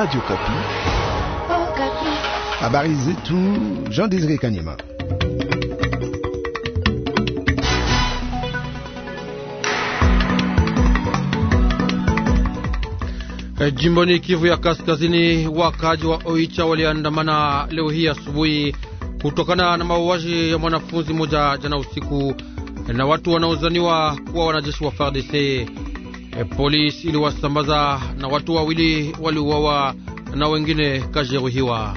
Radio Kapi. Oh, Kapi. Habari zetu Jean Désiré Kanyema. Eh, Jimboni Kivu ya Kaskazini, wakaji wa Oicha waliandamana leo hii asubuhi kutokana na mauaji ya mwanafunzi mmoja jana usiku eh, na watu wanaozaniwa kuwa wanajeshi wa FARDC. E, polisi iliwasambaza na watu wawili waliuawa na wengine kajeruhiwa.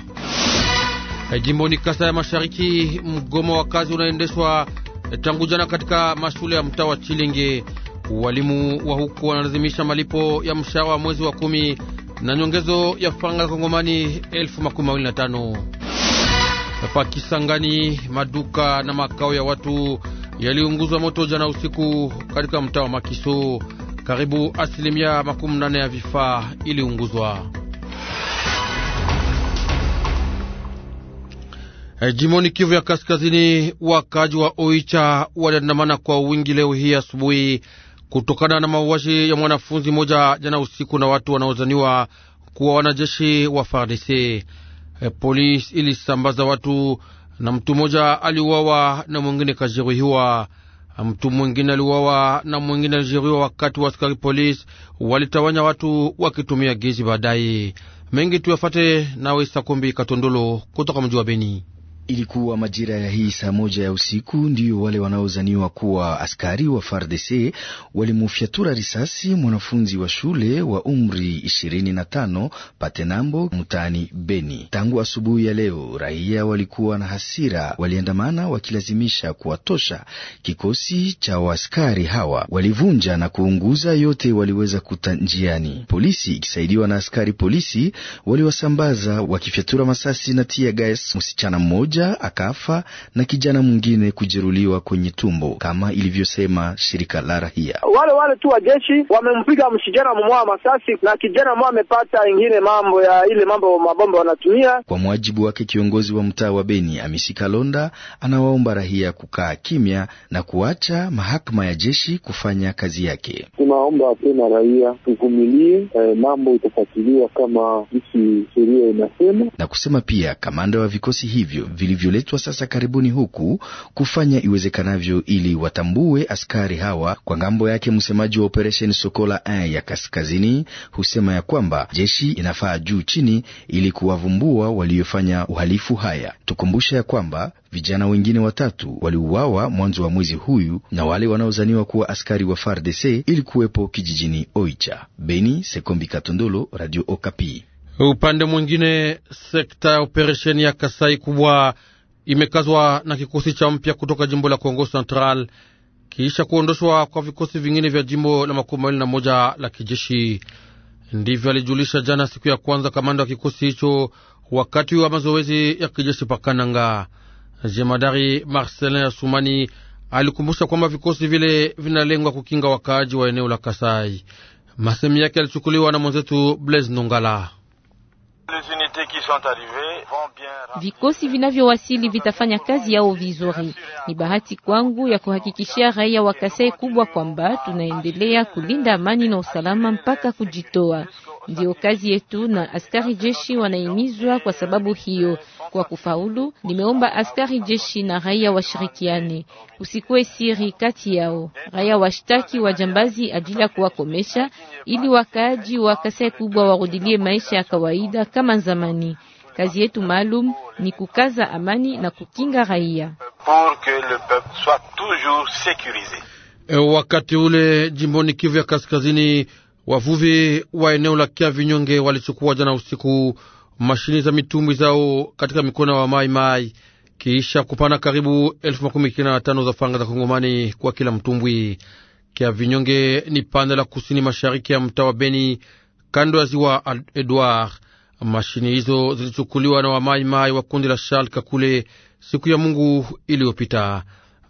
E, jimboni Kasa ya Mashariki, mgomo wa kazi unaendeshwa e, tangu jana katika mashule ya mtaa wa Chilingi. Walimu wa huku wanalazimisha malipo ya mshahara wa mwezi wa kumi na nyongezo ya faranga kongomani elfu makumi mawili na tano. Pa Kisangani, maduka na makao ya watu yaliunguzwa moto jana usiku katika mtaa wa Makiso. Karibu asilimia makumi nane ya vifaa iliunguzwa. Eh, jimoni Kivu ya Kaskazini, wakaji wa Oicha waliandamana kwa wingi leo hii asubuhi kutokana na mauaji ya mwanafunzi moja jana usiku na watu wanaozaniwa kuwa wanajeshi wa FARDC. E, eh, polisi ilisambaza watu na mtu mmoja aliuawa na mwingine kajeruhiwa. Mtu mwingine aliuawa na mwingine alijeruhiwa wakati wa askari polisi walitawanya watu wakitumia gizi. Baadaye mengi tuyafate nawe sakumbi Katondolo kutoka mji wa Beni. Ilikuwa majira ya hii saa moja ya usiku ndio wale wanaozaniwa kuwa askari wa FARDC walimufyatura risasi mwanafunzi wa shule wa umri 25 Patenambo mtaani Beni. Tangu asubuhi ya leo, raia walikuwa na hasira, waliandamana wakilazimisha kuwatosha kikosi cha waaskari hawa. Walivunja na kuunguza yote waliweza kuta njiani. Polisi ikisaidiwa na askari polisi waliwasambaza wakifyatura masasi na tia gas. Msichana mmoja mmoja akafa na kijana mwingine kujeruliwa kwenye tumbo, kama ilivyosema shirika la rahia. Wale wale tu wajeshi wamempiga mshijana mmoja masasi na kijana mmoja amepata ingine mambo ya ile mambo mabomba wanatumia. Kwa mwajibu wake, kiongozi wa mtaa wa Beni Amisi Kalonda anawaomba rahia kukaa kimya na kuacha mahakama ya jeshi kufanya kazi yake. Tunaomba tena raia tuvumilie, eh, mambo itafuatiliwa kama jinsi sheria inasema, na kusema pia kamanda wa vikosi hivyo vilivyoletwa sasa karibuni huku kufanya iwezekanavyo ili watambue askari hawa. Kwa ngambo yake, msemaji wa operesheni Sokola ya kaskazini husema ya kwamba jeshi inafaa juu chini ili kuwavumbua waliofanya uhalifu haya. Tukumbusha ya kwamba vijana wengine watatu waliuawa mwanzo wa mwezi huyu na wale wanaozaniwa kuwa askari wa FARDC ili kuwepo kijijini Oicha. Beni, Sekombi Katondolo, Radio Okapi. Upande mwingine, sekta ya operesheni ya Kasai kubwa imekazwa na kikosi cha mpya kutoka jimbo la Kongo Central kisha kuondoshwa kwa vikosi vingine vya jimbo la makumi mawili na moja la kijeshi. Ndivyo alijulisha jana siku ya kwanza kamanda wa kikosi hicho wakati wa mazoezi ya kijeshi Pakananga. Jemadari Marcelin ya Sumani alikumbusha kwamba vikosi vile vinalengwa kukinga wakaaji wa eneo la Kasai. Masemi yake yalichukuliwa na mwenzetu Blaise Nongala. English Vikosi vinavyowasili vitafanya kazi yao vizuri. Ni bahati kwangu ya kuhakikishia raia wa Kasai kubwa kwamba tunaendelea kulinda amani na usalama mpaka kujitoa. ndio kazi yetu, na askari jeshi wanahimizwa kwa sababu hiyo. Kwa kufaulu, nimeomba askari jeshi na raia washirikiane, usikuwe siri kati yao. Raia washtaki wajambazi ajili ya kuwakomesha, ili wakaaji wa Kasai kubwa warudilie maisha ya kawaida kama zamani amani. Kazi yetu maalum ni kukaza amani na kukinga raia. E, wakati ule jimboni Kivu ya Kaskazini, wavuvi wa eneo la Kiavinyonge walichukua jana usiku mashini za mitumbwi zao katika mikono wa Maimai kisha kupana karibu elfu makumi kenda na tano za fanga za Kongomani kwa kila mtumbwi. Kiavinyonge ni pande la kusini mashariki ya mtaa wa Beni, kando ya ziwa Edward. Mashini hizo zilichukuliwa na wamaimai wa kundi la Charles Kakule siku ya Mungu iliyopita.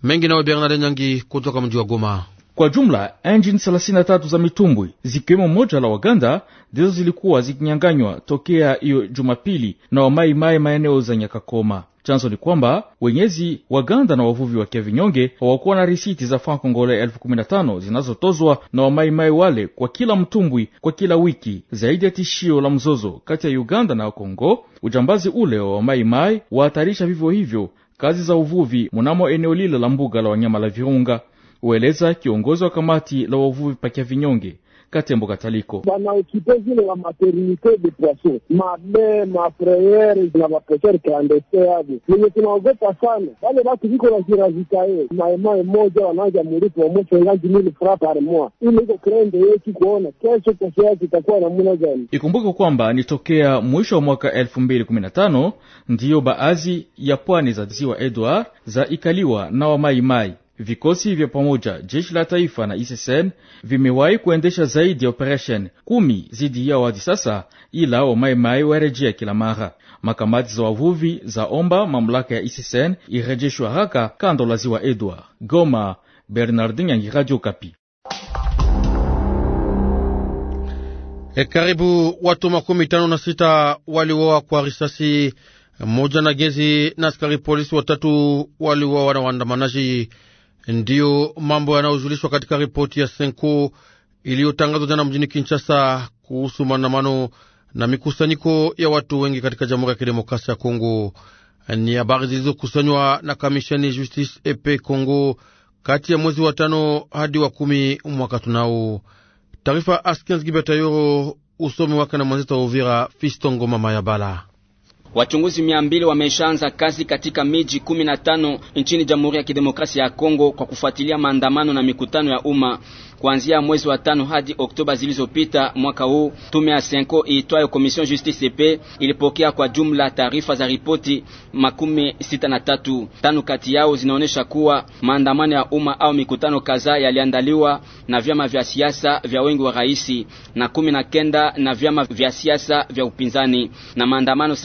Mengi nawe Bernard Nyangi kutoka mji wa Goma. Kwa jumla engine 33 za mitumbwi zikiwemo moja la Waganda ndizo zilikuwa zikinyanganywa tokea hiyo Jumapili na wamaimai maeneo za Nyakakoma. Chanzo ni kwamba wenyezi Waganda na wavuvi wa Kiavinyonge hawakuwa na risiti za franc congolais elfu kumi na tano zinazotozwa na wamaimai wale kwa kila mtumbwi kwa kila wiki, zaidi ya tishio la mzozo kati ya Uganda na Kongo. Ujambazi ule wa wamaimai wahatarisha vivyo hivyo kazi za uvuvi mnamo eneo lile la mbuga la wanyama la Virunga ueleza kiongozi wa kamati la wavuvi Pakia Vinyonge Katembo Kataliko wanaokipe zile wa maternite de poisson mabe mafreyere na bapetere kandesteabu venye tunaogopa sana, wale watu viko na maemae moja wanaja mulipo wamoshengaji mili fra par ili iko krende yetu kuona kesho kesho yake itakuwa namuna gani. Ikumbuke kwamba ni tokea mwisho wa mwaka elfu mbili kumi na tano ndiyo baadhi ya pwani za ziwa Edward za ikaliwa na wamaimai Vikosi vya pamoja jeshi la taifa na ISSN vimewahi kuendesha zaidi ya operesheni kumi zidi yao hadi sasa, ila wamaimai warejea kila mara. Makamati za wavuvi za omba mamlaka ya ISSN irejeshwe haraka kando la ziwa Edward. Goma, Bernardin Yangi, Radio Kapi. E, karibu watu makumi tano na sita waliuawa kwa risasi moja na gezi na askari polisi watatu waliuawa na waandamanaji Ndiyo mambo yanayojulishwa katika ripoti ya Senko iliyotangazwa jana mjini Kinshasa kuhusu maandamano na mikusanyiko ya watu wengi katika Jamhuri ya Kidemokrasia ya Kongo. Ni habari zilizokusanywa na kamisheni Justice Epe Congo kati ya mwezi wa tano hadi wa kumi mwaka tunao. Taarifa Askens Gibetayoro usomi wake na mwenzetu wa Uvira Fistongo Mama Wachunguzi mia mbili wameshaanza kazi katika miji kumi na tano nchini Jamhuri ya Kidemokrasia ya Kongo kwa kufuatilia maandamano na mikutano ya umma kuanzia mwezi wa tano hadi Oktoba zilizopita mwaka huu. Tume ya Senko iitwayo Commission Justice CP ilipokea kwa jumla taarifa za ripoti makumi sita na tatu. Tano kati yao zinaonyesha kuwa maandamano ya umma au mikutano kadhaa yaliandaliwa na vyama vya siasa vya wengi wa rais na kumi na kenda na vyama vya siasa vya upinzani na maandamano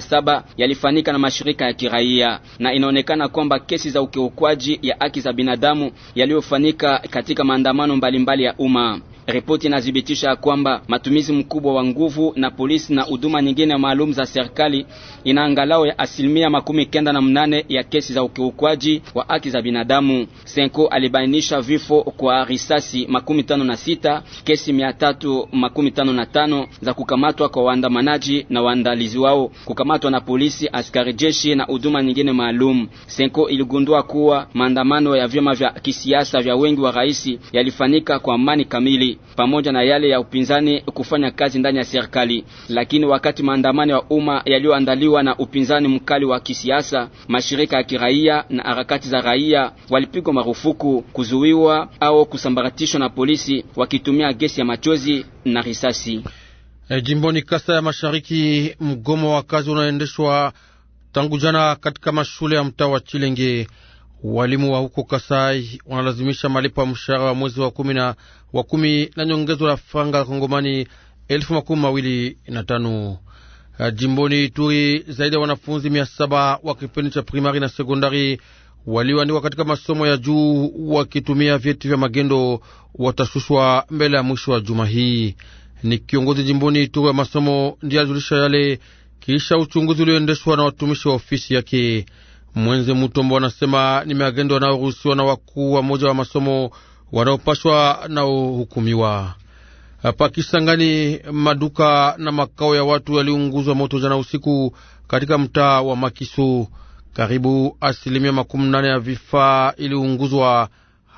saba yalifanyika na mashirika ya kiraia, na inaonekana kwamba kesi za ukiukwaji ya haki za binadamu yaliyofanyika katika maandamano mbalimbali ya umma. Ripoti inathibitisha kwamba matumizi mkubwa wa nguvu na polisi na huduma nyingine maalum za serikali ina angalau ya asilimia makumi kenda na mnane ya kesi za ukiukwaji wa haki za binadamu. Senko alibainisha vifo kwa risasi makumi tano na sita, kesi mia tatu makumi tano na tano za kukamatwa kwa waandamanaji na waandalizi wao, kukamatwa na polisi, askari jeshi na huduma nyingine maalum. Senko iligundua kuwa maandamano ya vyama vya kisiasa vya wengi wa rais yalifanyika kwa amani kamili pamoja na yale ya upinzani kufanya kazi ndani ya serikali. Lakini wakati maandamano ya umma yaliyoandaliwa na upinzani mkali wa kisiasa, mashirika ya kiraia na harakati za raia walipigwa marufuku, kuzuiwa au kusambaratishwa na polisi wakitumia gesi ya machozi na risasi. E, jimboni Kasa ya Mashariki, mgomo wa kazi unaendeshwa tangu jana katika mashule ya mtaa wa Chilenge. Walimu wa huko Kasai wanalazimisha malipo ya mshahara wa mwezi wa kumi na wa kumi na nyongezo la faranga la kongomani elfu makumi mawili na tano. Uh, jimboni Ituri, zaidi ya wanafunzi mia saba wa kipindi cha primari na sekondari walioandikwa katika masomo ya juu wakitumia vyeti vya magendo watashushwa mbele ya mwisho wa juma hii. Ni kiongozi jimboni Ituri wa masomo ndiye alijulisha yale kisha uchunguzi ulioendeshwa na watumishi wa ofisi yake. Mwenze Mutombo anasema ni magendo yanayoruhusiwa na wakuu wa moja wa masomo wanaopashwa na uhukumiwa. Hapa Kisangani, maduka na makao ya watu yaliunguzwa moto jana usiku katika mtaa wa Makisu. Karibu asilimia makumi nane ya vifaa iliunguzwa.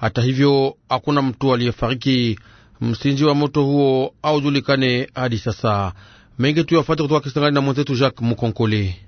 Hata hivyo hakuna mtu aliyefariki. Msingi wa moto huo haujulikane hadi sasa. Mengi tuyafate kutoka Kisangani na mwenzetu Jacques Mukonkole.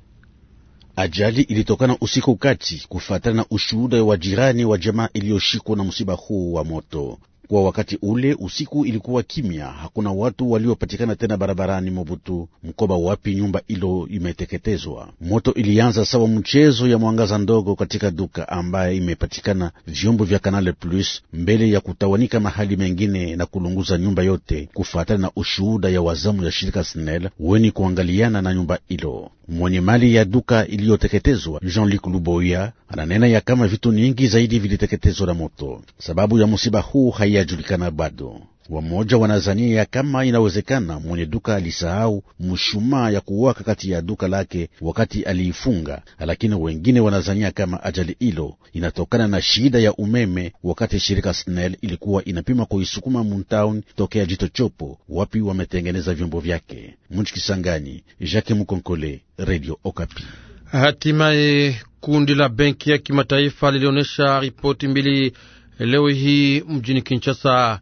Ajali ilitokana usiku kati kufatana na ushuhuda wa jirani wa jamaa iliyoshikwa na msiba huu wa moto. Kwa wakati ule usiku ilikuwa kimya, hakuna watu waliopatikana tena barabarani Mobutu mkoba wapi nyumba ilo imeteketezwa. Moto ilianza sawa mchezo ya mwangaza ndogo katika duka ambaye imepatikana vyombo vya Canal Plus mbele ya kutawanika mahali mengine na kulunguza nyumba yote, kufuatana na ushuhuda ya wazamu ya shirika SNEL weni kuangaliana na nyumba ilo. Mwenye mali ya duka iliyoteketezwa Jean-Luc Luboya ananena ya kama vitu nyingi zaidi viliteketezwa na moto. Sababu ya msiba huu hai hayajulikana bado. Wamoja wanazania kama inawezekana mwenye duka alisahau mshumaa ya kuwaka kati ya duka lake wakati aliifunga, lakini wengine wanazania kama ajali hilo inatokana na shida ya umeme wakati shirika SNEL ilikuwa inapima kuisukuma Muntown tokea Jito Chopo wapi wametengeneza vyombo vyake. Munchikisangani, Jacques Mukonkole, Radio Okapi. Hatimaye kundi la benki ya kimataifa lilionyesha ripoti mbili leo hii mjini Kinshasa.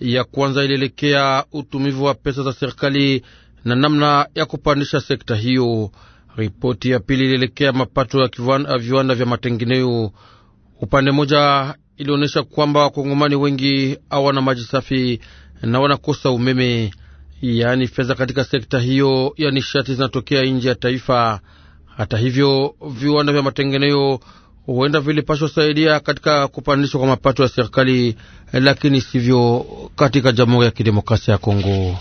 Ya kwanza ilielekea utumivu wa pesa za serikali na namna ya kupandisha sekta hiyo. Ripoti ya pili ilielekea mapato ya viwanda vya matengenezo. Upande mmoja ilionyesha kwamba wakongomani wengi hawana maji safi na wanakosa umeme, yaani fedha katika sekta hiyo ya nishati zinatokea nje ya taifa. Hata hivyo, viwanda vya matengenezo huenda vilipashwa saidia katika kupandishwa kwa mapato ya serikali, lakini sivyo katika Jamhuri ya Kidemokrasia ya Kongo.